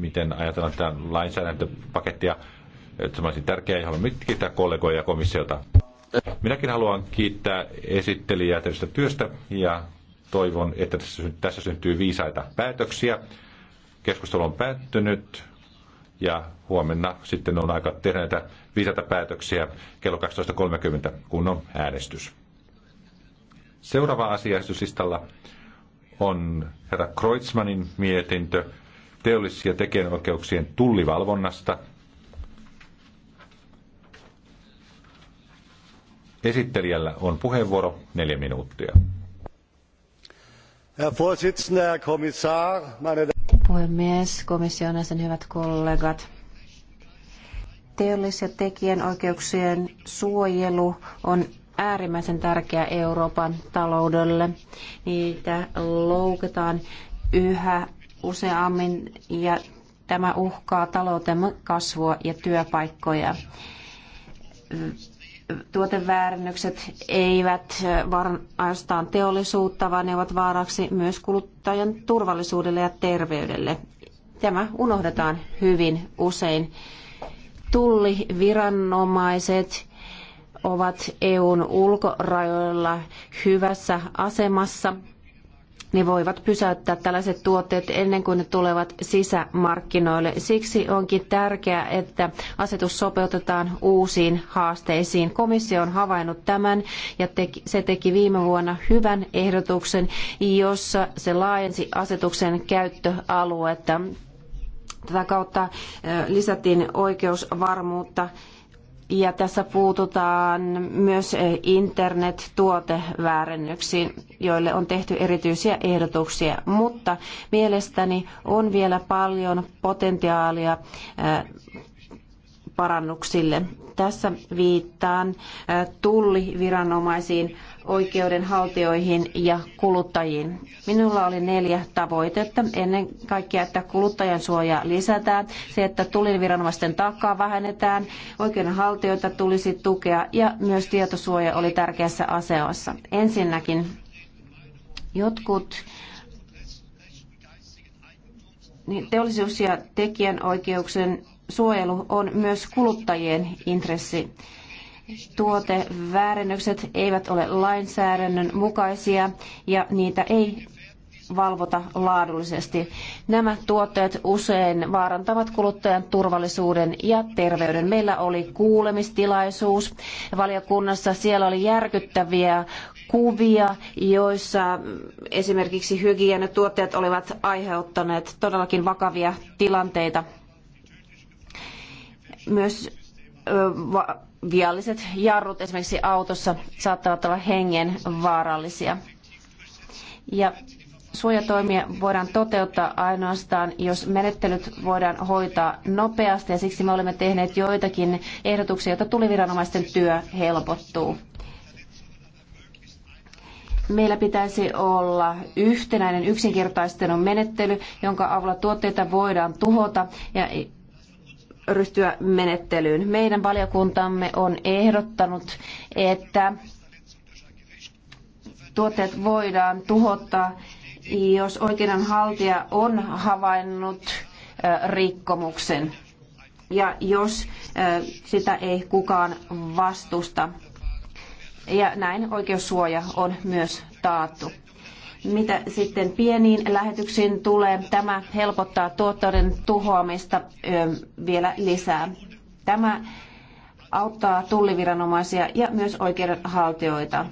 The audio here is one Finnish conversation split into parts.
miten ajatellaan tätä lainsäädäntöpakettia. Se olisi tärkeää ja haluan kiittää kollegoja ja komissiota. Minäkin haluan kiittää esittelijää tästä työstä ja toivon, että tässä syntyy viisaita päätöksiä. Keskustelu on päättynyt ja huomenna sitten on aika tehdä näitä viisaita päätöksiä kello 12.30, kun on äänestys. Seuraava asia on herra Kreutzmannin mietintö teollis- ja tekijänoikeuksien tullivalvonnasta. Esittelijällä on puheenvuoro neljä minuuttia. Herr Vorsitzender, Herr Kommissar, meine Puhemies, komission jäsen, hyvät kollegat teollis- ja tekijänoikeuksien suojelu on äärimmäisen tärkeä Euroopan taloudelle. Niitä loukataan yhä useammin ja tämä uhkaa taloutemme kasvua ja työpaikkoja. Tuoteväärennykset eivät ainoastaan teollisuutta, vaan ne ovat vaaraksi myös kuluttajan turvallisuudelle ja terveydelle. Tämä unohdetaan hyvin usein. Tulliviranomaiset ovat EUn ulkorajoilla hyvässä asemassa – ne voivat pysäyttää tällaiset tuotteet ennen kuin ne tulevat sisämarkkinoille. Siksi onkin tärkeää, että asetus sopeutetaan uusiin haasteisiin. Komissio on havainnut tämän ja se teki viime vuonna hyvän ehdotuksen, jossa se laajensi asetuksen käyttöaluetta. Tätä kautta eh, lisättiin oikeusvarmuutta ja tässä puututaan myös eh, internet-tuoteväärennöksiin, joille on tehty erityisiä ehdotuksia. Mutta mielestäni on vielä paljon potentiaalia eh, parannuksille. Tässä viittaan tulliviranomaisiin, oikeudenhaltijoihin ja kuluttajiin. Minulla oli neljä tavoitetta. Ennen kaikkea, että kuluttajan suoja lisätään, se, että tulliviranomaisten taakkaa vähennetään, oikeudenhaltijoita tulisi tukea ja myös tietosuoja oli tärkeässä asemassa. Ensinnäkin jotkut niin teollisuus- ja tekijänoikeuksien suojelu on myös kuluttajien intressi. Tuoteväärennökset eivät ole lainsäädännön mukaisia ja niitä ei valvota laadullisesti. Nämä tuotteet usein vaarantavat kuluttajan turvallisuuden ja terveyden. Meillä oli kuulemistilaisuus valiokunnassa. Siellä oli järkyttäviä kuvia, joissa esimerkiksi hygieniatuotteet olivat aiheuttaneet todellakin vakavia tilanteita. Myös vialliset jarrut esimerkiksi autossa saattavat olla hengen vaarallisia. Ja suojatoimia voidaan toteuttaa ainoastaan, jos menettelyt voidaan hoitaa nopeasti ja siksi me olemme tehneet joitakin ehdotuksia, jotta tuliviranomaisten työ helpottuu. Meillä pitäisi olla yhtenäinen yksinkertaistetun menettely, jonka avulla tuotteita voidaan tuhota ja ryhtyä menettelyyn. Meidän valiokuntamme on ehdottanut, että tuotteet voidaan tuhota, jos oikeudenhaltija on havainnut rikkomuksen ja jos sitä ei kukaan vastusta. Ja näin oikeussuoja on myös taattu. Mitä sitten pieniin lähetyksiin tulee, tämä helpottaa tuotteiden tuhoamista vielä lisää. Tämä auttaa tulliviranomaisia ja myös oikeudenhaltijoita.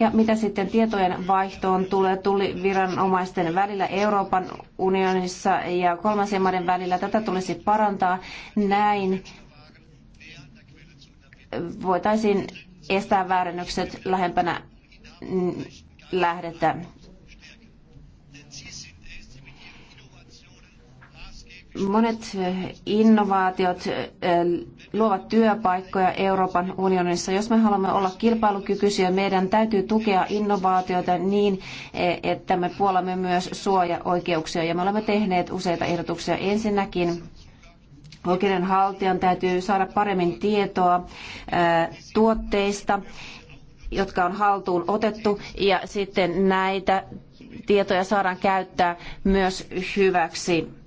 Ja mitä sitten tietojen vaihtoon tulee tulliviranomaisten välillä Euroopan unionissa ja kolmansien maiden välillä, tätä tulisi parantaa. Näin voitaisiin estää väärennökset lähempänä lähdettä. Monet eh, innovaatiot eh, luovat työpaikkoja Euroopan unionissa. Jos me haluamme olla kilpailukykyisiä, meidän täytyy tukea innovaatioita niin, eh, että me puolamme myös suojaoikeuksia. Ja me olemme tehneet useita ehdotuksia. Ensinnäkin oikeudenhaltijan täytyy saada paremmin tietoa tuotteista, jotka on haltuun otettu, ja sitten näitä tietoja saadaan käyttää myös hyväksi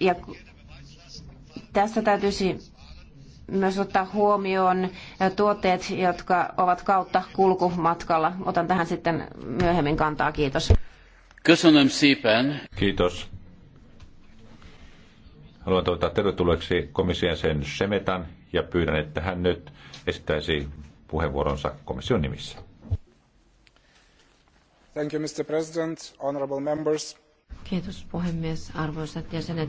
Ja tässä täytyisi myös ottaa huomioon tuotteet, jotka ovat kautta kulkumatkalla. Otan tähän sitten myöhemmin kantaa. Kiitos. Kiitos. Haluan toivottaa tervetulleeksi komission sen Semetan ja pyydän, että hän nyt esittäisi puheenvuoronsa komission nimissä. Thank you, Mr. President, honorable members. Kiitos puhemies, arvoisat jäsenet.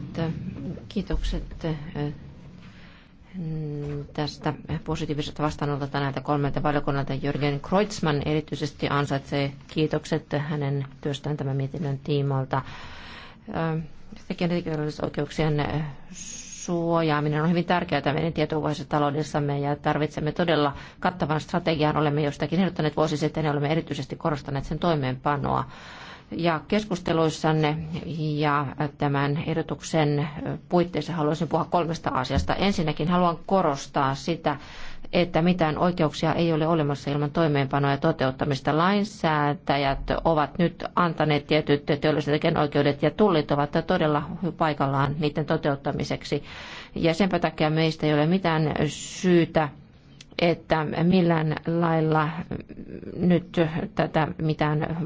Kiitokset tästä positiivisesta vastaanotolta näiltä kolmelta valiokunnalta. Jörgen Kreutzmann erityisesti ansaitsee kiitokset hänen työstään tämän mietinnön tiimoilta. Tekijänoikeuksien suojaaminen on hyvin tärkeää meidän tietovuosissa taloudessamme ja tarvitsemme todella kattavan strategian. Olemme jostakin ehdottaneet vuosi sitten ja olemme erityisesti korostaneet sen toimeenpanoa ja keskusteluissanne ja tämän ehdotuksen puitteissa haluaisin puhua kolmesta asiasta. Ensinnäkin haluan korostaa sitä, että mitään oikeuksia ei ole olemassa ilman toimeenpanoa ja toteuttamista. Lainsäätäjät ovat nyt antaneet tietyt teolliset oikeudet ja tullit ovat todella paikallaan niiden toteuttamiseksi. Ja sen takia meistä ei ole mitään syytä että millään lailla nyt tätä mitään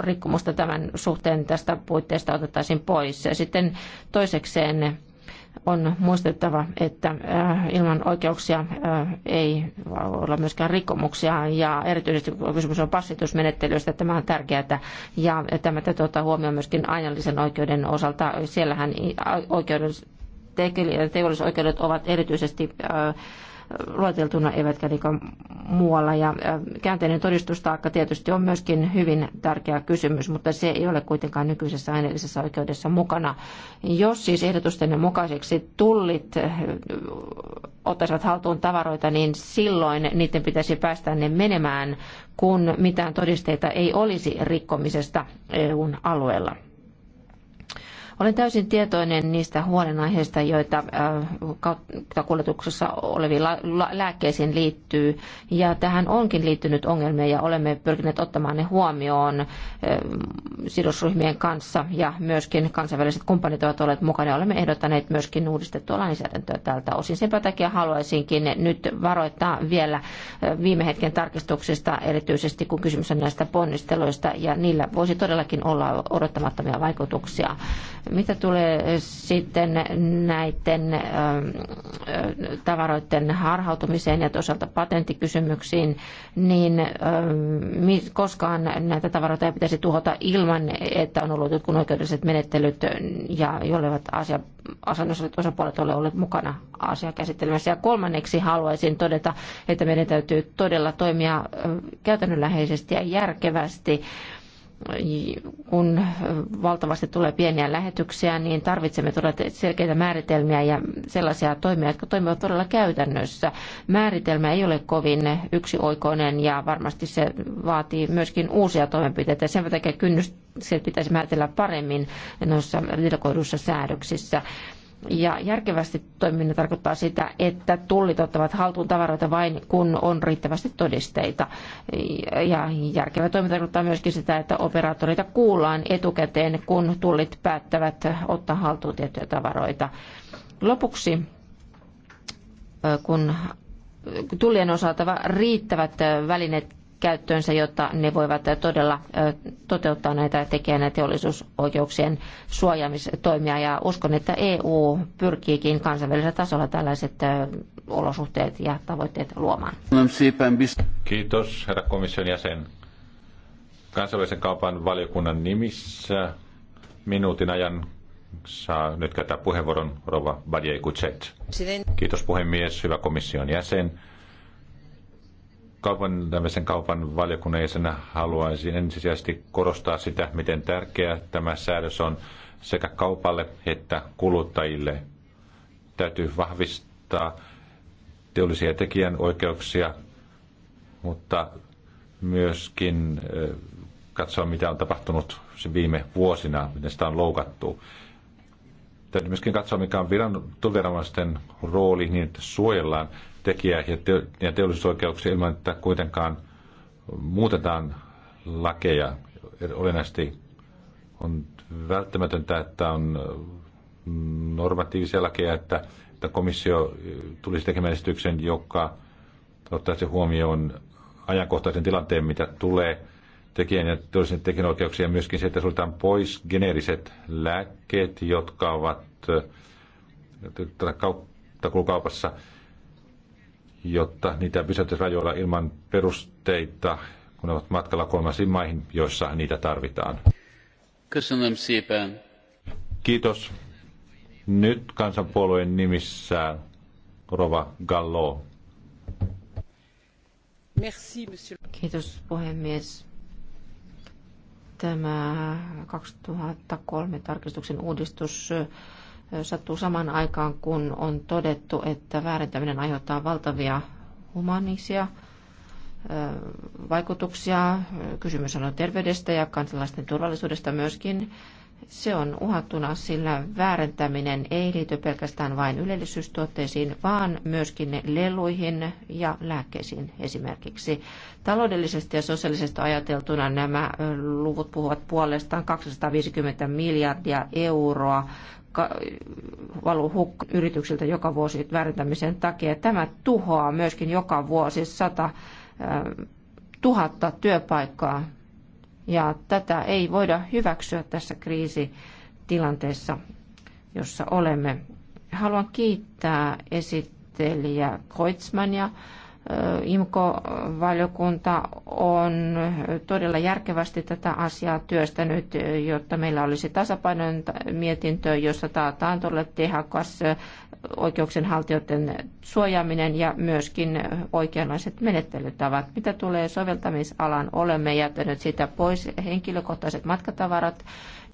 rikkomusta tämän suhteen tästä puitteesta otettaisiin pois. Ja sitten toisekseen on muistettava, että äh, ilman oikeuksia äh, ei olla myöskään rikkomuksia ja erityisesti kun kysymys on passitusmenettelystä, tämä on tärkeää ja tämä täytyy ottaa huomioon myöskin ajallisen oikeuden osalta. Siellähän oikeuden, teollisoikeudet ovat erityisesti äh, lueteltuna eivätkä liikaa muualla. Ja käänteinen todistustaakka tietysti on myöskin hyvin tärkeä kysymys, mutta se ei ole kuitenkaan nykyisessä aineellisessa oikeudessa mukana. Jos siis ehdotusten mukaiseksi tullit ottaisivat haltuun tavaroita, niin silloin niiden pitäisi päästä ne menemään, kun mitään todisteita ei olisi rikkomisesta EUn alueella. Olen täysin tietoinen niistä huolenaiheista, joita äh, kuljetuksessa oleviin lääkkeisiin liittyy. Ja tähän onkin liittynyt ongelmia ja olemme pyrkineet ottamaan ne huomioon äh, sidosryhmien kanssa ja myöskin kansainväliset kumppanit ovat olleet mukana. Olemme ehdottaneet myöskin uudistettua lainsäädäntöä tältä osin. Senpä takia haluaisinkin nyt varoittaa vielä äh, viime hetken tarkistuksista, erityisesti kun kysymys on näistä ponnisteluista ja niillä voisi todellakin olla odottamattomia vaikutuksia mitä tulee sitten näiden tavaroiden harhautumiseen ja toisaalta patenttikysymyksiin, niin koskaan näitä tavaroita ei pitäisi tuhota ilman, että on ollut jotkut oikeudelliset menettelyt ja jollevat asia, asianosaiset osapuolet ole olleet mukana asiaa käsittelemässä. Ja kolmanneksi haluaisin todeta, että meidän täytyy todella toimia käytännönläheisesti ja järkevästi kun valtavasti tulee pieniä lähetyksiä, niin tarvitsemme todella selkeitä määritelmiä ja sellaisia toimia, jotka toimivat todella käytännössä. Määritelmä ei ole kovin yksioikoinen ja varmasti se vaatii myöskin uusia toimenpiteitä. Sen takia kynnys se pitäisi määritellä paremmin noissa delegoiduissa säädöksissä. Ja järkevästi toimiminen tarkoittaa sitä, että tullit ottavat haltuun tavaroita vain, kun on riittävästi todisteita. Ja järkevä toiminta tarkoittaa myöskin sitä, että operaattoreita kuullaan etukäteen, kun tullit päättävät ottaa haltuun tiettyjä tavaroita. Lopuksi, kun tullien osalta riittävät välineet käyttöönsä, jotta ne voivat todella toteuttaa näitä tekijän ja teollisuusoikeuksien suojaamistoimia. Ja uskon, että EU pyrkiikin kansainvälisellä tasolla tällaiset olosuhteet ja tavoitteet luomaan. Kiitos, herra komission jäsen. Kansainvälisen kaupan valiokunnan nimissä minuutin ajan saa nyt käyttää puheenvuoron rouva Badje Kutset. Kiitos puhemies, hyvä komission jäsen kaupan, tämmöisen kaupan valiokunnaisena haluaisin ensisijaisesti korostaa sitä, miten tärkeä tämä säädös on sekä kaupalle että kuluttajille. Täytyy vahvistaa teollisia tekijän oikeuksia, mutta myöskin katsoa, mitä on tapahtunut viime vuosina, miten sitä on loukattu. Täytyy myöskin katsoa, mikä on viran, viranomaisten rooli niin, että suojellaan tekijä ja teollisuusoikeuksia ilman, että kuitenkaan muutetaan lakeja olennaisesti. On välttämätöntä, että on normatiivisia lakeja, että, että komissio tulisi tekemään esityksen, joka ottaisi huomioon ajankohtaisen tilanteen, mitä tulee tekijän ja teollisen tekijänoikeuksia, ja myöskin se, että suljetaan pois geneeriset lääkkeet, jotka ovat kauttakulkaupassa kaupassa jotta niitä pysäytetään rajoilla ilman perusteita, kun ne ovat matkalla kolmansiin maihin, joissa niitä tarvitaan. Kiitos. Nyt kansanpuolueen nimissä Rova Gallo. Merci, Kiitos puhemies. Tämä 2003 tarkistuksen uudistus sattuu saman aikaan, kun on todettu, että väärentäminen aiheuttaa valtavia humanisia vaikutuksia. Kysymys on terveydestä ja kansalaisten turvallisuudesta myöskin. Se on uhattuna, sillä väärentäminen ei liity pelkästään vain ylellisyystuotteisiin, vaan myöskin leluihin ja lääkkeisiin esimerkiksi. Taloudellisesti ja sosiaalisesti ajateltuna nämä luvut puhuvat puolestaan 250 miljardia euroa valu huk- yrityksiltä joka vuosi väärentämisen takia. Tämä tuhoaa myöskin joka vuosi 100 tuhatta työpaikkaa ja tätä ei voida hyväksyä tässä kriisitilanteessa, jossa olemme. Haluan kiittää esittelijä Kreutzmania IMKO-valiokunta on todella järkevästi tätä asiaa työstänyt, jotta meillä olisi tasapainoinen mietintö, jossa taataan todella tehokas oikeuksienhaltijoiden suojaaminen ja myöskin oikeanlaiset menettelytavat. Mitä tulee soveltamisalan, olemme jättäneet sitä pois henkilökohtaiset matkatavarat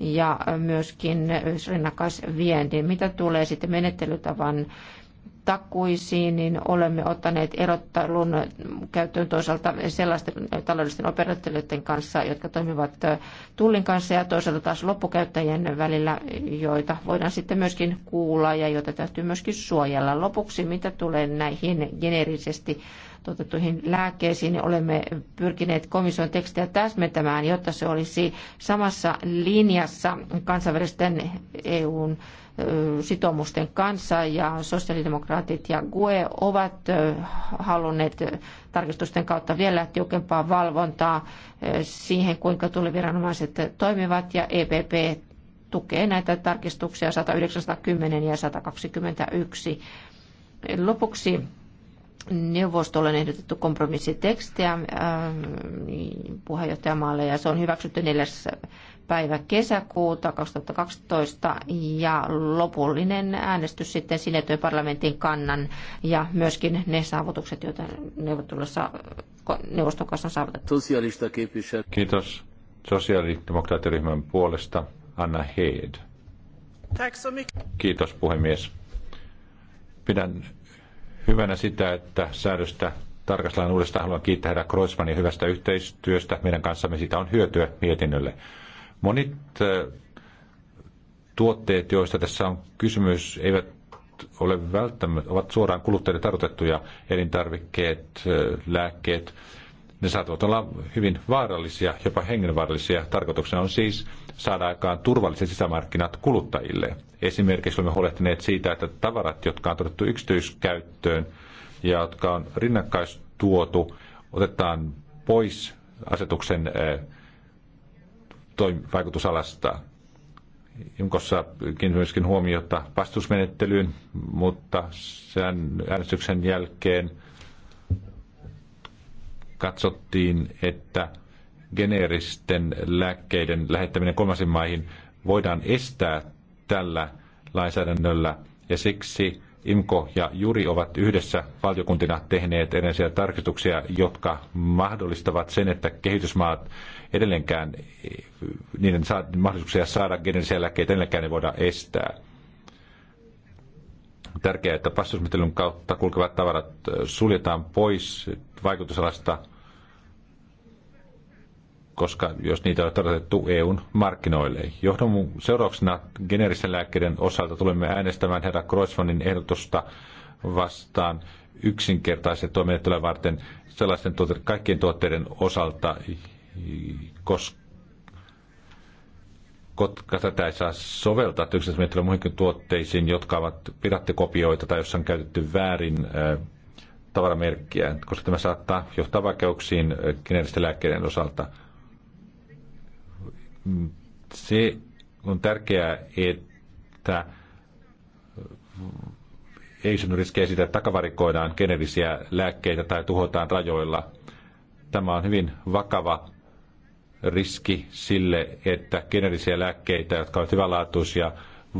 ja myöskin rinnakkaisvientiin. Mitä tulee sitten menettelytavan takuisiin, niin olemme ottaneet erottelun käyttöön toisaalta sellaisten taloudellisten operaattoreiden kanssa, jotka toimivat tullin kanssa ja toisaalta taas loppukäyttäjien välillä, joita voidaan sitten myöskin kuulla ja joita täytyy myöskin suojella. Lopuksi, mitä tulee näihin geneerisesti tuotettuihin lääkkeisiin, niin olemme pyrkineet komission tekstiä täsmentämään, jotta se olisi samassa linjassa kansainvälisten EUn sitoumusten kanssa ja sosiaalidemokraatit ja GUE ovat halunneet tarkistusten kautta vielä tiukempaa valvontaa siihen, kuinka tulliviranomaiset toimivat ja EPP tukee näitä tarkistuksia 190 ja 121. Lopuksi neuvostolle on ehdotettu kompromissitekstiä ähm, puheenjohtajamaalle ja se on hyväksytty 4. päivä kesäkuuta 2012 ja lopullinen äänestys sitten sinetöi parlamentin kannan ja myöskin ne saavutukset, joita neuvottelussa neuvoston kanssa on saavutettu. Kiitos sosiaalidemokraattiryhmän puolesta Anna Heed. Kiitos puhemies. Pidän hyvänä sitä, että säädöstä tarkastellaan uudestaan. Haluan kiittää herra Kreuzmannia hyvästä yhteistyöstä. Meidän kanssamme siitä on hyötyä mietinnölle. Monit äh, tuotteet, joista tässä on kysymys, eivät ole välttämättä, ovat suoraan kuluttajille tarkoitettuja elintarvikkeet, äh, lääkkeet. Ne saattavat olla hyvin vaarallisia, jopa hengenvaarallisia. Tarkoituksena on siis saada aikaan turvalliset sisämarkkinat kuluttajille. Esimerkiksi olemme huolehtineet siitä, että tavarat, jotka on todettu yksityiskäyttöön ja jotka on rinnakkaistuotu, otetaan pois asetuksen eh, vaikutusalasta. Junkossa kiinnitin myöskin huomiota vastusmenettelyyn, mutta sen äänestyksen jälkeen katsottiin, että geneeristen lääkkeiden lähettäminen kolmansiin maihin voidaan estää tällä lainsäädännöllä ja siksi IMKO ja Juri ovat yhdessä valiokuntina tehneet erilaisia tarkistuksia, jotka mahdollistavat sen, että kehitysmaat edelleenkään, niiden saa, mahdollisuuksia saada geneerisiä lääkkeitä edelleenkään ei voida estää. Tärkeää, että pastusmittelyn kautta kulkevat tavarat suljetaan pois vaikutusalasta – koska jos niitä on tarjottu EUn markkinoille. Johdon seurauksena geneeristen lääkkeiden osalta tulemme äänestämään herra Groismanin ehdotusta vastaan yksinkertaiset toimintatila varten sellaisten tuote- kaikkien tuotteiden osalta, koska tätä ei saa soveltaa yksityismenettelyä muihinkin tuotteisiin, jotka ovat pirattikopioita tai jossa on käytetty väärin tavaramerkkiä, koska tämä saattaa johtaa vaikeuksiin geneeristen lääkkeiden osalta – se on tärkeää, että ei synny riskejä siitä, että takavarikoidaan geneerisiä lääkkeitä tai tuhotaan rajoilla. Tämä on hyvin vakava riski sille, että geneerisiä lääkkeitä, jotka ovat hyvänlaatuisia,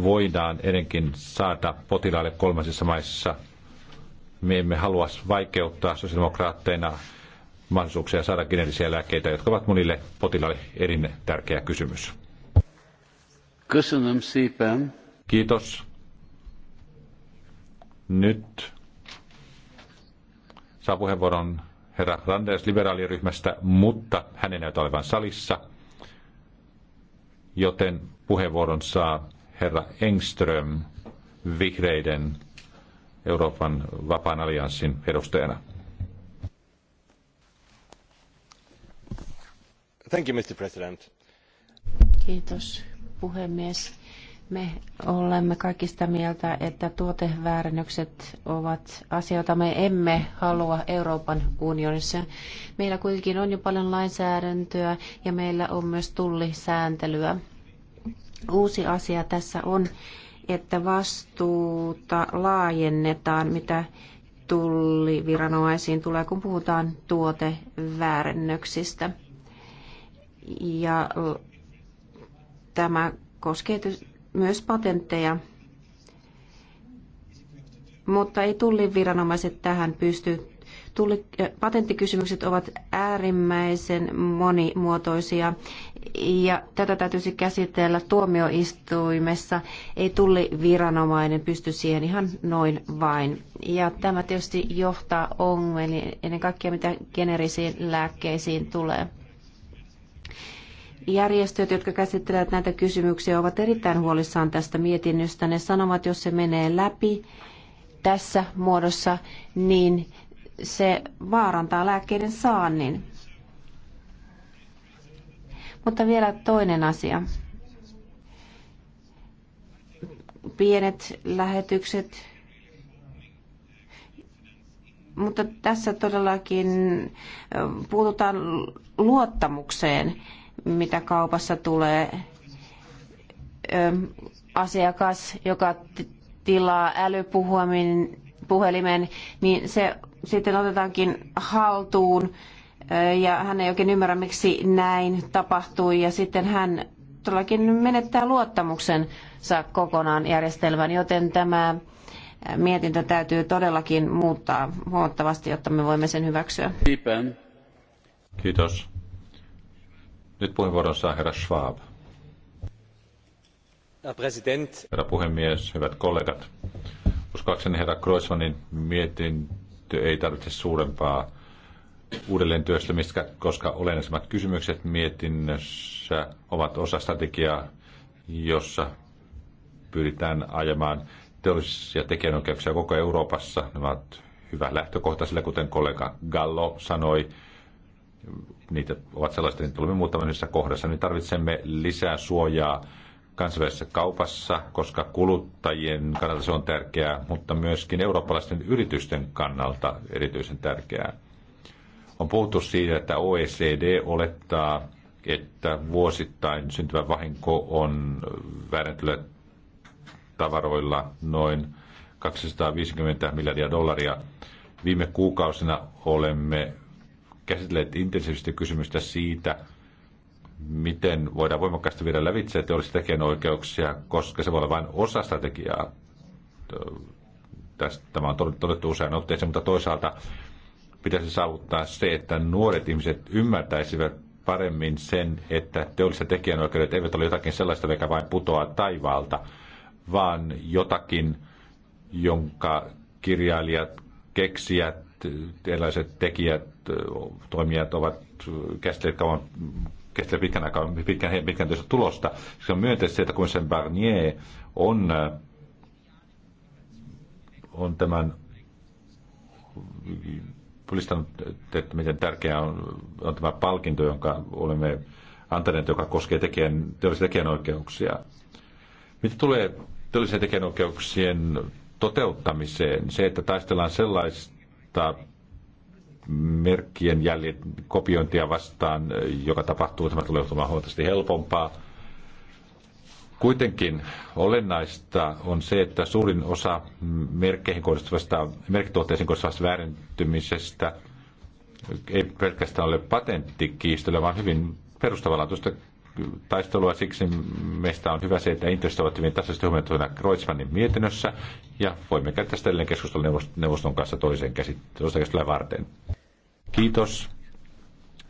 voidaan edenkin saada potilaille kolmansissa maissa. Me emme halua vaikeuttaa sosiaalidemokraatteina mahdollisuuksia saada geneerisiä lääkkeitä, jotka ovat monille potilaille erinne tärkeä kysymys. Kiitos. Nyt saa puheenvuoron herra Randers liberaaliryhmästä, mutta hän ei näytä olevan salissa, joten puheenvuoron saa herra Engström vihreiden Euroopan vapaan allianssin edustajana. Mr. President. Kiitos, puhemies. Me olemme kaikki sitä mieltä, että tuoteväärennökset ovat asia, jota me emme halua Euroopan unionissa. Meillä kuitenkin on jo paljon lainsäädäntöä ja meillä on myös tullisääntelyä. Uusi asia tässä on, että vastuuta laajennetaan, mitä tulliviranomaisiin tulee, kun puhutaan tuoteväärennöksistä. Ja tämä koskee myös patentteja. Mutta ei tullin viranomaiset tähän pysty. Tulli, patenttikysymykset ovat äärimmäisen monimuotoisia ja tätä täytyisi käsitellä tuomioistuimessa. Ei tulli viranomainen pysty siihen ihan noin vain. Ja tämä tietysti johtaa ongelmiin ennen kaikkea mitä generisiin lääkkeisiin tulee. Järjestöt, jotka käsittelevät näitä kysymyksiä, ovat erittäin huolissaan tästä mietinnöstä. Ne sanovat, jos se menee läpi tässä muodossa, niin se vaarantaa lääkkeiden saannin. Mutta vielä toinen asia. Pienet lähetykset. Mutta tässä todellakin äh, puututaan luottamukseen mitä kaupassa tulee. Asiakas, joka tilaa älypuhelimen, niin se sitten otetaankin haltuun ja hän ei oikein ymmärrä, miksi näin tapahtui ja sitten hän todellakin menettää luottamuksensa kokonaan järjestelmän, joten tämä mietintö täytyy todellakin muuttaa huomattavasti, jotta me voimme sen hyväksyä. Kiitos. Nyt puheenvuoron saa herra Schwab. Herra puhemies, hyvät kollegat. Uskoakseni herra Kroisvanin mietintö ei tarvitse suurempaa uudelleen työstämistä, koska olennaisimmat kysymykset mietinnössä ovat osa strategiaa, jossa pyritään ajamaan teollisia tekijänoikeuksia koko Euroopassa. ne ovat hyvä lähtökohta, sillä kuten kollega Gallo sanoi, niitä ovat sellaista, niin tulemme muutamassa kohdassa, niin tarvitsemme lisää suojaa kansainvälisessä kaupassa, koska kuluttajien kannalta se on tärkeää, mutta myöskin eurooppalaisten yritysten kannalta erityisen tärkeää. On puhuttu siitä, että OECD olettaa, että vuosittain syntyvä vahinko on väärentyillä tavaroilla noin 250 miljardia dollaria. Viime kuukausina olemme käsitelleet intensiivisesti kysymystä siitä, miten voidaan voimakkaasti viedä lävitse teollisia tekijänoikeuksia, koska se voi olla vain osa strategiaa. Tästä tämä on todettu usein otteeseen, mutta toisaalta pitäisi saavuttaa se, että nuoret ihmiset ymmärtäisivät paremmin sen, että teolliset tekijänoikeudet eivät ole jotakin sellaista, mikä vain putoaa taivaalta, vaan jotakin, jonka kirjailijat, keksijät, erilaiset tekijät toimijat ovat käsitelleet kauan kestää pitkän aikaa, pitkän, pitkän työstä tulosta. Se on myönteistä, että kun sen Barnier on, on tämän pulistanut, että miten tärkeää on, on tämä palkinto, jonka olemme antaneet, joka koskee tekijän, teollisia tekijänoikeuksia. Mitä tulee teollisen tekijänoikeuksien toteuttamiseen, se, että taistellaan sellaista merkkien jäljet, kopiointia vastaan, joka tapahtuu, tämä tulee olemaan huomattavasti helpompaa. Kuitenkin olennaista on se, että suurin osa merkkeihin kohdistuvasta, merkkituotteisiin kohdistuvasta väärentymisestä ei pelkästään ole patenttikiistelyä, vaan hyvin perustavanlaatuista taistelua. Siksi meistä on hyvä se, että intressit ovat hyvin tasaisesti huomioituina Kreutzmannin mietinnössä. Ja voimme käyttää sitä edelleen keskustelun neuvoston kanssa toiseen käsittelyyn varten. Kiitos.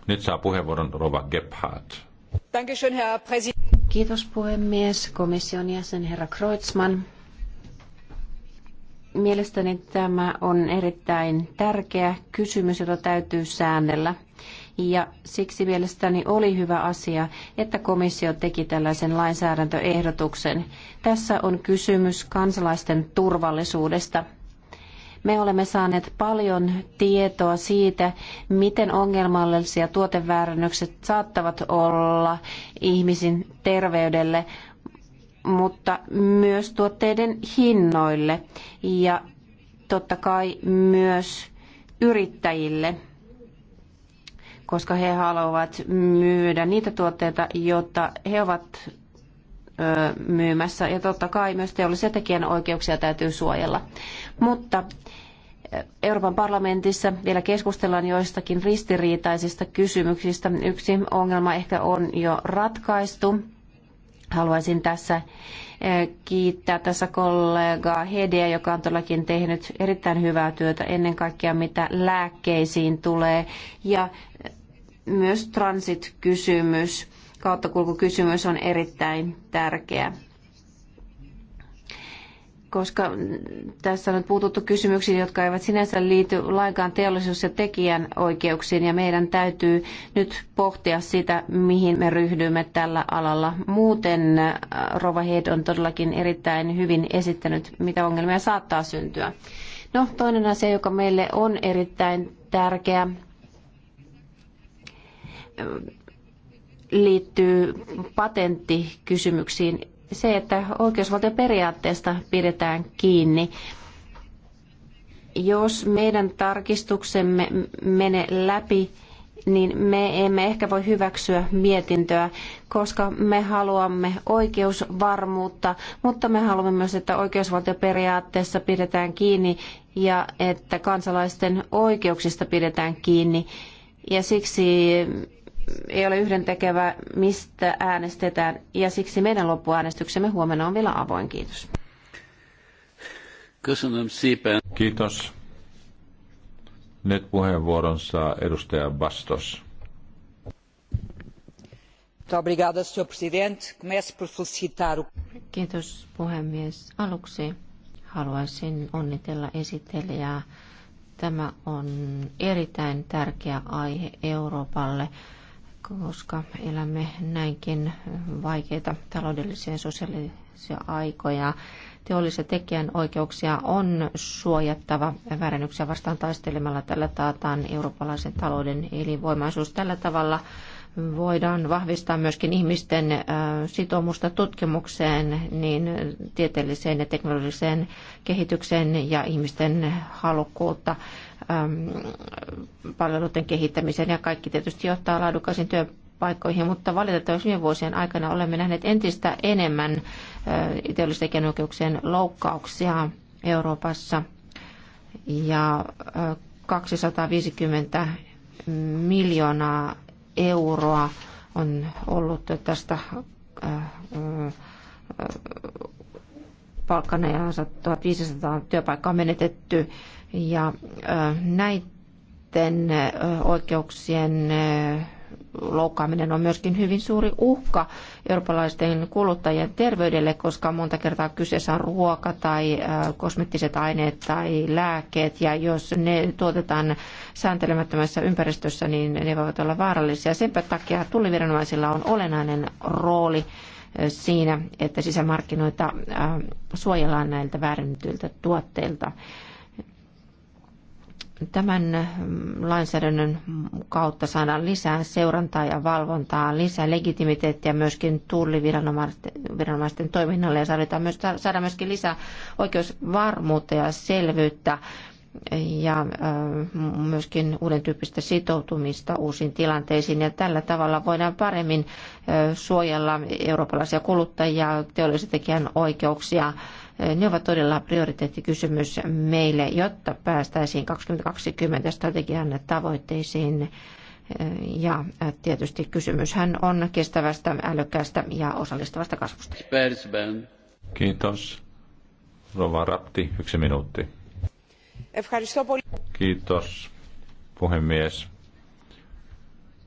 Nyt saa puheenvuoron Rova Gebhardt. Kiitos puhemies, komission jäsen herra Kreutzmann. Mielestäni tämä on erittäin tärkeä kysymys, jota täytyy säännellä ja siksi mielestäni oli hyvä asia, että komissio teki tällaisen lainsäädäntöehdotuksen. Tässä on kysymys kansalaisten turvallisuudesta. Me olemme saaneet paljon tietoa siitä, miten ongelmallisia tuoteväärennökset saattavat olla ihmisen terveydelle, mutta myös tuotteiden hinnoille ja totta kai myös yrittäjille koska he haluavat myydä niitä tuotteita, joita he ovat myymässä. Ja totta kai myös teollisia tekijänoikeuksia täytyy suojella. Mutta Euroopan parlamentissa vielä keskustellaan joistakin ristiriitaisista kysymyksistä. Yksi ongelma ehkä on jo ratkaistu. Haluaisin tässä eh, kiittää tässä kollegaa Hedeä, joka on todellakin tehnyt erittäin hyvää työtä ennen kaikkea mitä lääkkeisiin tulee ja eh, myös transit-kysymys, kauttakulkukysymys on erittäin tärkeä koska tässä on puututtu kysymyksiin, jotka eivät sinänsä liity lainkaan teollisuus- ja tekijänoikeuksiin, ja meidän täytyy nyt pohtia sitä, mihin me ryhdymme tällä alalla. Muuten äh, Rova Head on todellakin erittäin hyvin esittänyt, mitä ongelmia saattaa syntyä. No, toinen asia, joka meille on erittäin tärkeä, äh, liittyy patenttikysymyksiin se, että oikeusvaltioperiaatteesta pidetään kiinni. Jos meidän tarkistuksemme mene läpi, niin me emme ehkä voi hyväksyä mietintöä, koska me haluamme oikeusvarmuutta, mutta me haluamme myös, että oikeusvaltioperiaatteessa pidetään kiinni ja että kansalaisten oikeuksista pidetään kiinni. Ja siksi ei ole yhdentekevä, mistä äänestetään, ja siksi meidän loppuäänestyksemme huomenna on vielä avoin. Kiitos. Kiitos. Nyt puheenvuoron saa edustaja Bastos. Kiitos puhemies. Aluksi haluaisin onnitella esittelijää. Tämä on erittäin tärkeä aihe Euroopalle koska elämme näinkin vaikeita taloudellisia ja sosiaalisia aikoja. Teollisia oikeuksia on suojattava väärennyksiä vastaan taistelemalla. Tällä taataan eurooppalaisen talouden elinvoimaisuus. Tällä tavalla voidaan vahvistaa myöskin ihmisten sitoumusta tutkimukseen, niin tieteelliseen ja teknologiseen kehitykseen ja ihmisten halukkuutta palveluiden kehittämiseen. Ja kaikki tietysti johtaa laadukkaisiin työpaikkoihin, mutta valitettavasti viime vuosien aikana olemme nähneet entistä enemmän teollisten oikeuksien loukkauksia Euroopassa. Ja 250 miljoonaa euroa on ollut tästä äh, äh, palkkana ja 1500 työpaikkaa on menetetty. Ja äh, näiden oikeuksien loukkaaminen on myöskin hyvin suuri uhka eurooppalaisten kuluttajien terveydelle, koska monta kertaa kyseessä on ruoka tai äh, kosmettiset aineet tai lääkkeet, ja jos ne tuotetaan sääntelemättömässä ympäristössä, niin ne voivat olla vaarallisia. Senpä takia tulliviranomaisilla on olennainen rooli äh, siinä, että sisämarkkinoita äh, suojellaan näiltä väärennetyiltä tuotteilta. Tämän mm, lainsäädännön kautta saadaan lisää seurantaa ja valvontaa, lisää legitimiteettiä myöskin tulliviranomaisten toiminnalle ja saadaan, myös, saada myöskin lisää oikeusvarmuutta ja selvyyttä ja myöskin uuden tyyppistä sitoutumista uusiin tilanteisiin. Ja tällä tavalla voidaan paremmin suojella eurooppalaisia kuluttajia, teollisen tekijän oikeuksia ne ovat todella prioriteettikysymys meille, jotta päästäisiin 2020 strategian tavoitteisiin. Ja tietysti kysymyshän on kestävästä, älykkäästä ja osallistavasta kasvusta. Kiitos. Rova Rapti, yksi minuutti. Kiitos, puhemies.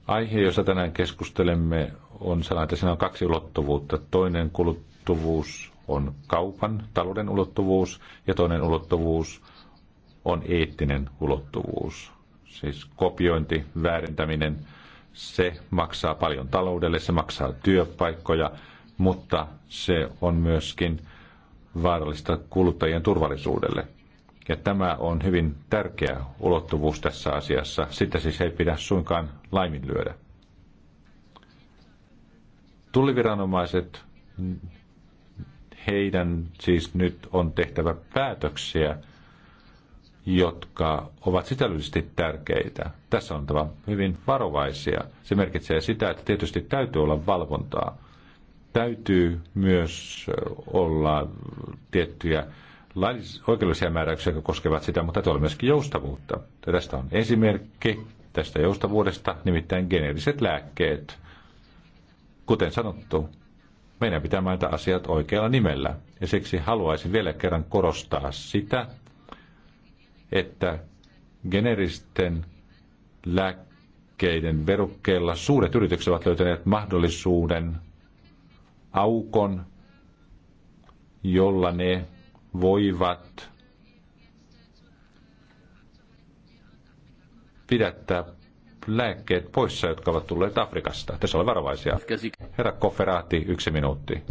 Aihe, josta tänään keskustelemme, on sellainen, että siinä on kaksi ulottuvuutta. Toinen kuluttuvuus on kaupan, talouden ulottuvuus ja toinen ulottuvuus on eettinen ulottuvuus. Siis kopiointi, väärentäminen, se maksaa paljon taloudelle, se maksaa työpaikkoja, mutta se on myöskin vaarallista kuluttajien turvallisuudelle. Ja tämä on hyvin tärkeä ulottuvuus tässä asiassa. Sitä siis ei pidä suinkaan laiminlyödä. Tulliviranomaiset heidän siis nyt on tehtävä päätöksiä, jotka ovat sisällöllisesti tärkeitä. Tässä on tämä hyvin varovaisia. Se merkitsee sitä, että tietysti täytyy olla valvontaa. Täytyy myös olla tiettyjä oikeudellisia määräyksiä, jotka koskevat sitä, mutta täytyy olla myöskin joustavuutta. Ja tästä on esimerkki tästä joustavuudesta, nimittäin geneeriset lääkkeet. Kuten sanottu, meidän pitää mainita asiat oikealla nimellä. Ja siksi haluaisin vielä kerran korostaa sitä, että generisten lääkkeiden verukkeella suuret yritykset ovat löytäneet mahdollisuuden aukon, jolla ne voivat pidättää lääkkeet poissa, jotka ovat tulleet Afrikasta. Tässä ole varovaisia. Herra Kofferaati, yksi minuutti.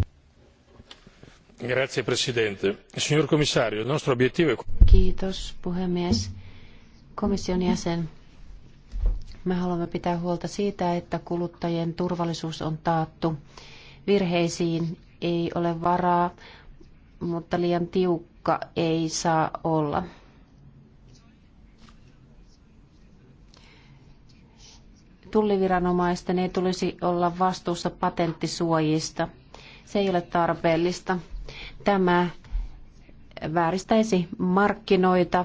Grazie Presidente. Signor Commissario, il nostro obiettivo è... Kiitos puhemies. Komission jäsen, me haluamme pitää huolta siitä, että kuluttajien turvallisuus on taattu. Virheisiin ei ole varaa, mutta liian tiukka ei saa olla. tulliviranomaisten ei tulisi olla vastuussa patenttisuojista. Se ei ole tarpeellista. Tämä vääristäisi markkinoita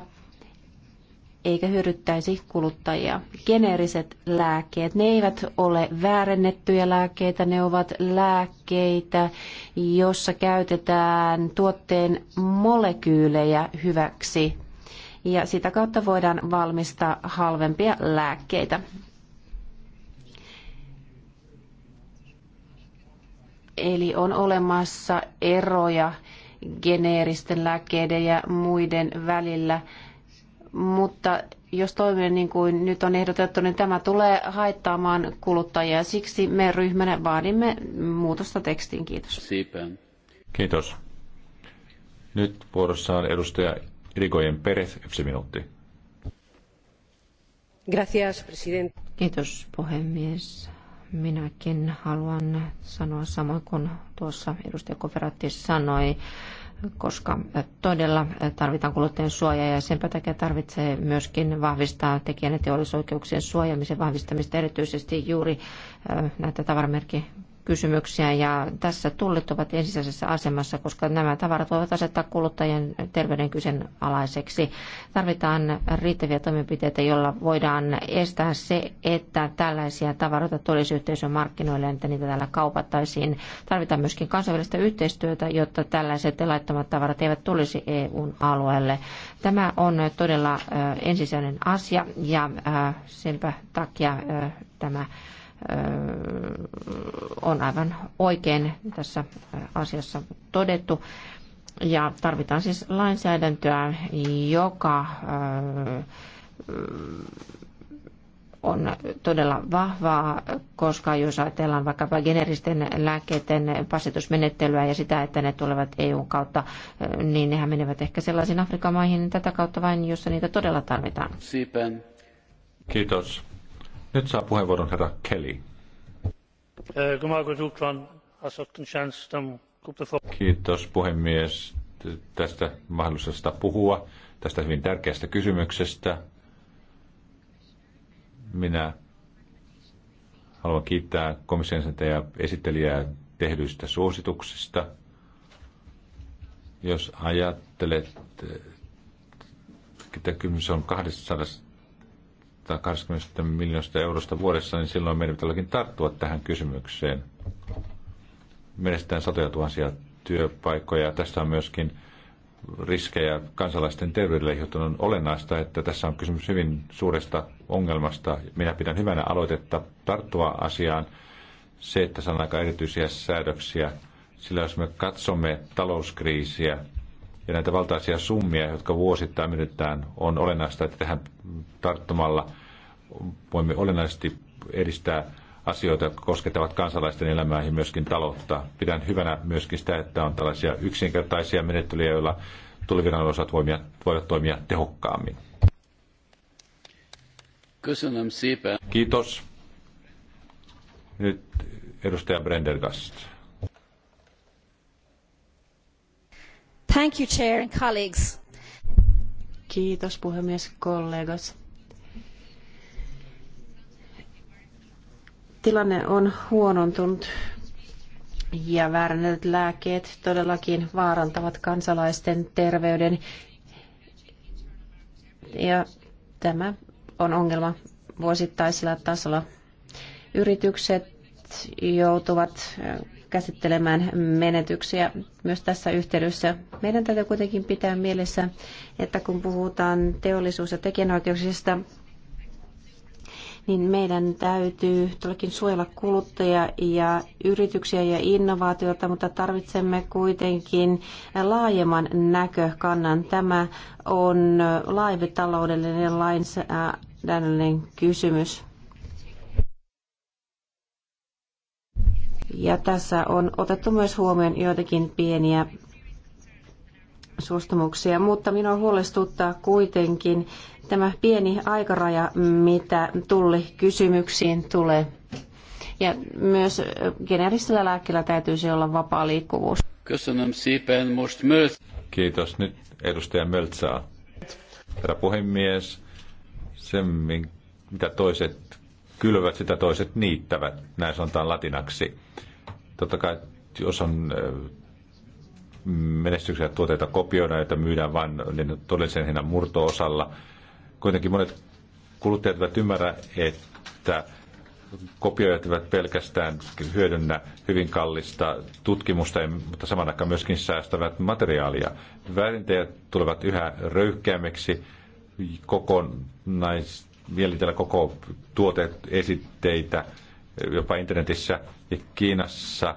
eikä hyödyttäisi kuluttajia. Geneeriset lääkkeet, ne eivät ole väärennettyjä lääkkeitä, ne ovat lääkkeitä, jossa käytetään tuotteen molekyylejä hyväksi. Ja sitä kautta voidaan valmistaa halvempia lääkkeitä. Eli on olemassa eroja geneeristen lääkkeiden ja muiden välillä, mutta jos toimii niin kuin nyt on ehdotettu, niin tämä tulee haittaamaan kuluttajia. Siksi me ryhmänä vaadimme muutosta tekstiin. Kiitos. Siipään. Kiitos. Nyt vuorossa on edustaja Irigoyen Perez, yksi minuutti. Gracias, president. Kiitos, puhemies. Minäkin haluan sanoa samoin kuin tuossa edustaja Koferatti sanoi, koska todella tarvitaan kuluttajien suojaa ja sen takia tarvitsee myöskin vahvistaa tekijän ja teollisuusoikeuksien suojaamisen vahvistamista erityisesti juuri näitä tavaramerkki kysymyksiä ja tässä tullit ovat ensisijaisessa asemassa, koska nämä tavarat voivat asettaa kuluttajien terveyden kyseenalaiseksi. Tarvitaan riittäviä toimenpiteitä, joilla voidaan estää se, että tällaisia tavaroita tulisi yhteisön markkinoille, että niitä täällä kaupattaisiin. Tarvitaan myöskin kansainvälistä yhteistyötä, jotta tällaiset laittomat tavarat eivät tulisi EUn alueelle. Tämä on todella ensisijainen asia ja senpä takia tämä on aivan oikein tässä asiassa todettu. Ja tarvitaan siis lainsäädäntöä, joka on todella vahvaa, koska jos ajatellaan vaikkapa generisten lääkkeiden passitusmenettelyä ja sitä, että ne tulevat EUn kautta, niin nehän menevät ehkä sellaisiin Afrikan maihin tätä kautta vain, jossa niitä todella tarvitaan. Siipen. Kiitos. Nyt saa puheenvuoron herra Kelly. Kiitos puhemies tästä mahdollisuudesta puhua, tästä hyvin tärkeästä kysymyksestä. Minä haluan kiittää komission ja esittelijää tehdyistä suosituksista. Jos ajattelet, että kysymys on 200 120 miljoonasta eurosta vuodessa, niin silloin meidän pitääkin tarttua tähän kysymykseen. Menestetään satoja tuhansia työpaikkoja. Tässä on myöskin riskejä kansalaisten terveydelle, joten on olennaista, että tässä on kysymys hyvin suuresta ongelmasta. Minä pidän hyvänä aloitetta tarttua asiaan se, että saan aika erityisiä säädöksiä, sillä jos me katsomme talouskriisiä ja näitä valtaisia summia, jotka vuosittain myydetään, on olennaista, että tähän tarttumalla voimme olennaisesti edistää asioita, jotka koskettavat kansalaisten elämää ja myöskin taloutta. Pidän hyvänä myöskin sitä, että on tällaisia yksinkertaisia menettelyjä, joilla tuliviranomaisat voivat toimia tehokkaammin. Kiitos. Nyt edustaja Brendergast. Thank you, Chair and colleagues. Kiitos puhemies kollegat. tilanne on huonontunut ja väärännetyt lääkkeet todellakin vaarantavat kansalaisten terveyden. Ja tämä on ongelma vuosittaisella tasolla. Yritykset joutuvat käsittelemään menetyksiä myös tässä yhteydessä. Meidän täytyy kuitenkin pitää mielessä, että kun puhutaan teollisuus- ja tekijänoikeuksista, niin meidän täytyy todellakin suojella kuluttajia ja yrityksiä ja innovaatioita, mutta tarvitsemme kuitenkin laajemman näkökannan. Tämä on laajempi taloudellinen lainsäädännöllinen kysymys. Ja tässä on otettu myös huomioon joitakin pieniä suostumuksia, mutta minua huolestuttaa kuitenkin tämä pieni aikaraja, mitä tulli kysymyksiin tulee. Ja myös geneerisellä lääkkeellä täytyisi olla vapaa liikkuvuus. Kiitos. Nyt edustaja Möltsää. Herra puhemies, se mitä toiset kylvät, sitä toiset niittävät, näin sanotaan latinaksi. Totta kai, jos on menestyksiä tuotteita kopioidaan, joita myydään vain niin todellisen hinnan murto-osalla. Kuitenkin monet kuluttajat eivät ymmärrä, että kopioijat eivät pelkästään hyödynnä hyvin kallista tutkimusta, mutta saman aikaan myöskin säästävät materiaalia. Väärintäjät tulevat yhä röyhkeämmiksi kokonais, mielitellä koko esitteitä jopa internetissä ja Kiinassa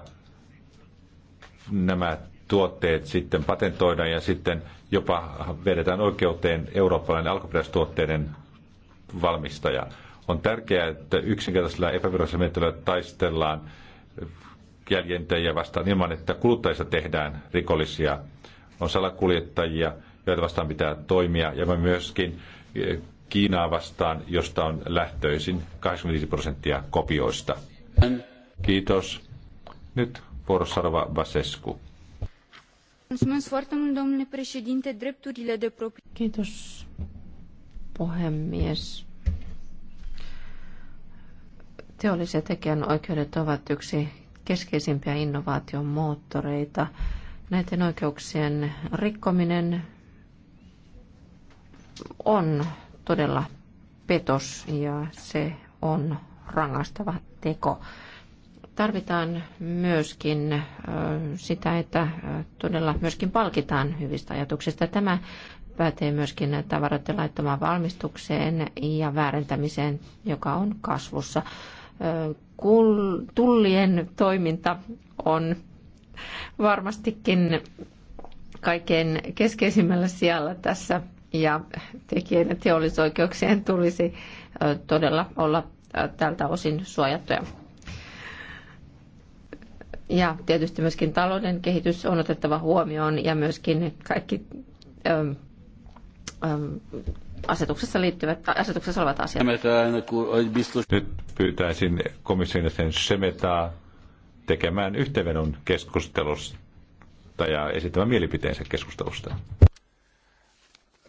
nämä tuotteet sitten patentoidaan ja sitten jopa vedetään oikeuteen eurooppalainen alkuperäistuotteiden valmistaja. On tärkeää, että yksinkertaisella epävirallisella menettelyllä taistellaan jäljentäjiä vastaan ilman, että kuluttajista tehdään rikollisia. On salakuljettajia, joita vastaan pitää toimia, ja myöskin eh, Kiinaa vastaan, josta on lähtöisin 85 prosenttia kopioista. Kiitos. Nyt vuorossa Rova Basescu. Mulțumesc foarte mult, domnule președinte, drepturile de proprietate. Kiitos, puhemies. Teolliset tekijänoikeudet ovat yksi keskeisimpiä innovaation moottoreita. Näiden oikeuksien rikkominen on todella petos ja se on rangaistava teko. Tarvitaan myöskin sitä, että todella myöskin palkitaan hyvistä ajatuksista. Tämä pätee myöskin tavaroiden laittomaan valmistukseen ja väärentämiseen, joka on kasvussa. Tullien toiminta on varmastikin kaikkein keskeisimmällä sijalla tässä ja tekijöiden teollisoikeuksien tulisi todella olla tältä osin suojattuja. Ja tietysti myöskin talouden kehitys on otettava huomioon ja myöskin kaikki äm, äm, asetuksessa, liittyvät, asetuksessa olevat asiat. Nyt pyytäisin komission sen Semetaa tekemään yhteenvedon keskustelusta ja esittämään mielipiteensä keskustelusta.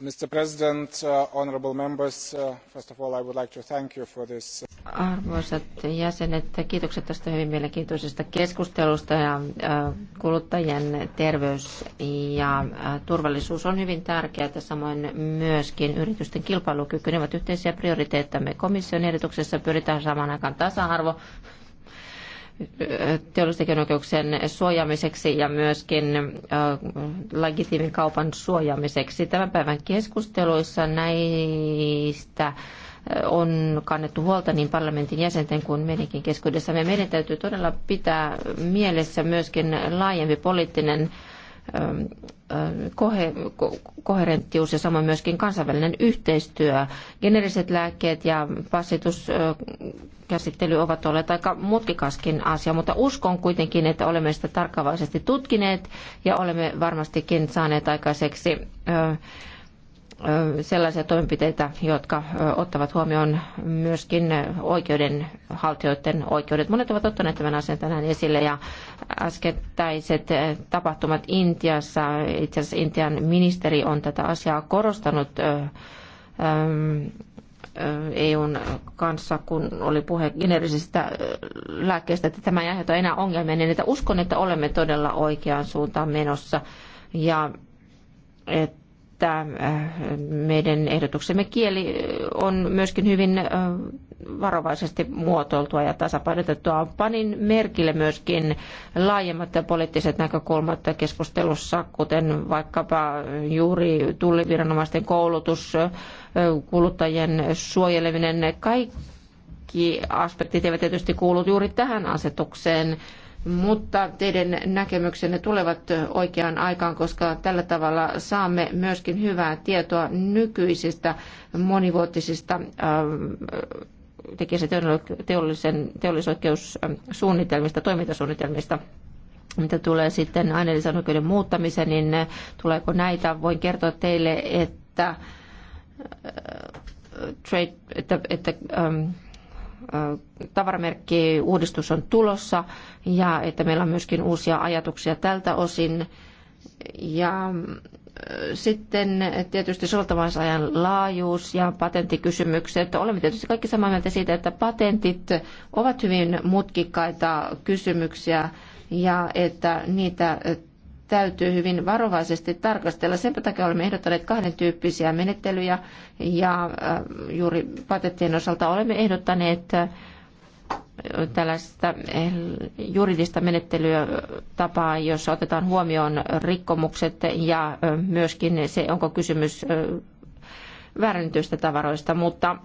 Mr. President, uh, honourable members, uh, first of all I would like to thank you for this. Uh, Arvoisat jäsenet, kiitokset tästä hyvin mielenkiintoisesta keskustelusta ja kuluttajien terveys ja turvallisuus on hyvin tärkeää, samoin myöskin yritysten kilpailukyky. Ne ovat yhteisiä prioriteettamme. Komission ehdotuksessa pyritään saamaan aikaan tasa-arvo teollisten oikeuksien suojaamiseksi ja myöskin legitiimin kaupan suojaamiseksi. Tämän päivän keskusteluissa näistä on kannettu huolta niin parlamentin jäsenten kuin meidänkin keskuudessamme. Meidän täytyy todella pitää mielessä myöskin laajempi poliittinen koherenttius ja samoin myöskin kansainvälinen yhteistyö. Generiset lääkkeet ja passitus käsittely ovat olleet aika mutkikaskin asia, mutta uskon kuitenkin, että olemme sitä tarkkaavaisesti tutkineet ja olemme varmastikin saaneet aikaiseksi sellaisia toimenpiteitä, jotka ottavat huomioon myöskin oikeudenhaltijoiden oikeudet. Monet ovat ottaneet tämän asian tänään esille ja äskettäiset tapahtumat Intiassa, itse asiassa Intian ministeri on tätä asiaa korostanut EUn kanssa, kun oli puhe geneerisistä lääkkeistä, että tämä ei aiheuta enää ongelmia, niin että uskon, että olemme todella oikeaan suuntaan menossa ja että että äh, meidän ehdotuksemme kieli on myöskin hyvin äh, varovaisesti muotoiltua ja tasapainotettua. Panin merkille myöskin laajemmat poliittiset näkökulmat keskustelussa, kuten vaikkapa juuri tulliviranomaisten koulutus, äh, kuluttajien suojeleminen. Kaikki aspektit eivät tietysti kuulu juuri tähän asetukseen, mutta teidän näkemyksenne tulevat oikeaan aikaan, koska tällä tavalla saamme myöskin hyvää tietoa nykyisistä monivuotisista äh, tekisi teollisen, teollisoikeussuunnitelmista, toimintasuunnitelmista mitä tulee sitten aineellisen oikeuden muuttamiseen, niin tuleeko näitä? Voin kertoa teille, että, äh, että, että ähm, tavaramerkkiuudistus on tulossa ja että meillä on myöskin uusia ajatuksia tältä osin. Ja sitten tietysti soveltamisajan laajuus ja patenttikysymykset. Olemme tietysti kaikki samaa mieltä siitä, että patentit ovat hyvin mutkikkaita kysymyksiä ja että niitä täytyy hyvin varovaisesti tarkastella. Sen takia olemme ehdottaneet kahden tyyppisiä menettelyjä ja äh, juuri patenttien osalta olemme ehdottaneet äh, tällaista eh, juridista menettelyä tapaa, jossa otetaan huomioon rikkomukset ja äh, myöskin se, onko kysymys väärännetyistä tavaroista, mutta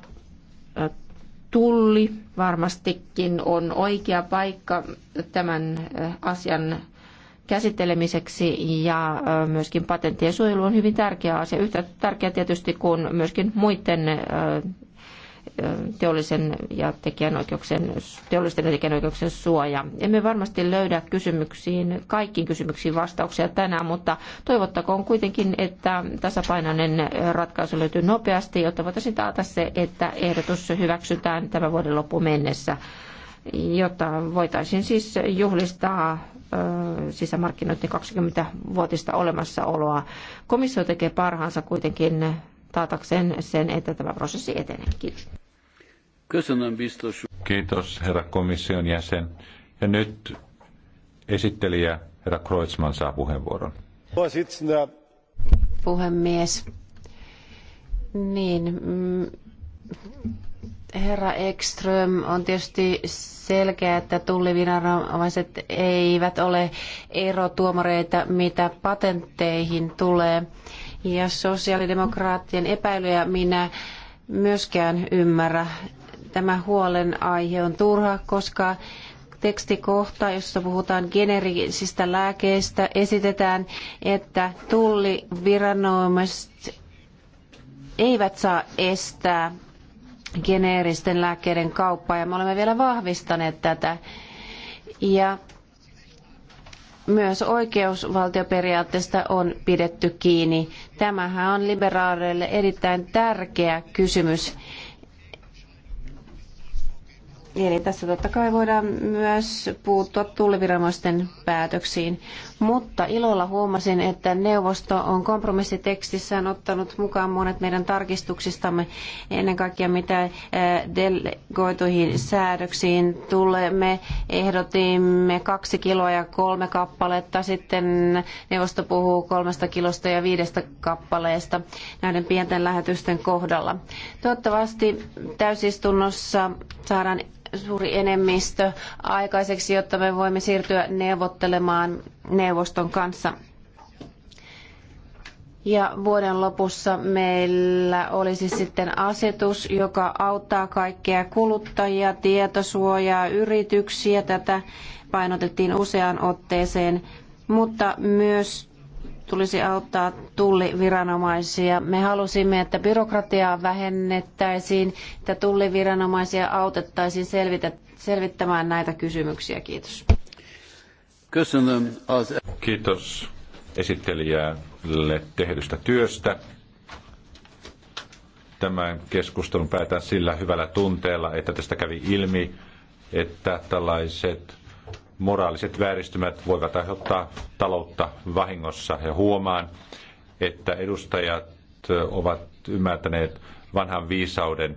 tulli varmastikin on oikea paikka tämän asian käsittelemiseksi ja myöskin patenttien suojelu on hyvin tärkeä asia. Yhtä tärkeä tietysti kuin myöskin muiden teollisen ja tekijänoikeuksien, teollisten ja tekijänoikeuksien suoja. Emme varmasti löydä kysymyksiin, kaikkiin kysymyksiin vastauksia tänään, mutta toivottakoon kuitenkin, että tasapainoinen ratkaisu löytyy nopeasti, jotta voitaisiin taata se, että ehdotus hyväksytään tämän vuoden loppuun mennessä jotta voitaisiin siis juhlistaa sisämarkkinoiden 20-vuotista olemassaoloa. Komissio tekee parhaansa kuitenkin taatakseen sen, että tämä prosessi etenee. Kiitos. Kiitos, herra komission jäsen. Ja nyt esittelijä herra Kreutzmann saa puheenvuoron. Puhemies. Niin, mm, Herra Ekström, on tietysti selkeää, että tulliviranomaiset eivät ole erotuomareita, mitä patentteihin tulee. Ja sosiaalidemokraattien epäilyjä minä myöskään ymmärrä. Tämä huolenaihe on turha, koska tekstikohta, jossa puhutaan generisistä lääkeistä, esitetään, että tulliviranomaiset eivät saa estää geneeristen lääkkeiden kauppaa ja me olemme vielä vahvistaneet tätä. Ja myös oikeusvaltioperiaatteesta on pidetty kiinni. Tämähän on liberaaleille erittäin tärkeä kysymys Eli tässä totta kai voidaan myös puuttua tulliviranomaisten päätöksiin, mutta ilolla huomasin, että neuvosto on kompromissitekstissään ottanut mukaan monet meidän tarkistuksistamme, ennen kaikkea mitä eh, delegoituihin säädöksiin tulee. Me ehdotimme kaksi kiloa ja kolme kappaletta, sitten neuvosto puhuu kolmesta kilosta ja viidestä kappaleesta näiden pienten lähetysten kohdalla. Toivottavasti täysistunnossa saadaan suuri enemmistö aikaiseksi, jotta me voimme siirtyä neuvottelemaan neuvoston kanssa. Ja vuoden lopussa meillä olisi sitten asetus, joka auttaa kaikkia kuluttajia, tietosuojaa, yrityksiä. Tätä painotettiin useaan otteeseen, mutta myös tulisi auttaa tulliviranomaisia. Me halusimme, että byrokratiaa vähennettäisiin, että tulliviranomaisia autettaisiin selvitä, selvittämään näitä kysymyksiä. Kiitos. Kiitos esittelijälle tehdystä työstä. Tämän keskustelun päätän sillä hyvällä tunteella, että tästä kävi ilmi, että tällaiset moraaliset vääristymät voivat aiheuttaa taloutta vahingossa. Ja huomaan, että edustajat ovat ymmärtäneet vanhan viisauden